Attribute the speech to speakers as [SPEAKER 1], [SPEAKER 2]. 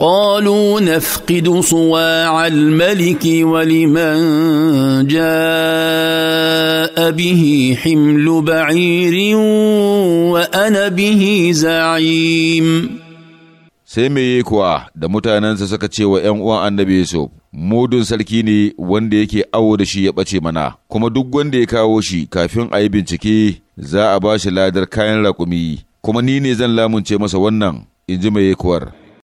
[SPEAKER 1] قالوا نفقد صواع الملك ولمن جاء به حمل بعير وانا به زعيم
[SPEAKER 2] sai mai kuwa da mutanensa suka ce wa ‘yan uwan annabi Yusuf, mudun sarki ne wanda yake awo da shi ya ɓace mana, kuma duk wanda ya kawo shi kafin a yi bincike za a ba shi ladar kayan raƙumi, kuma ni ne zan lamunce masa wannan, in ji mai kuwar.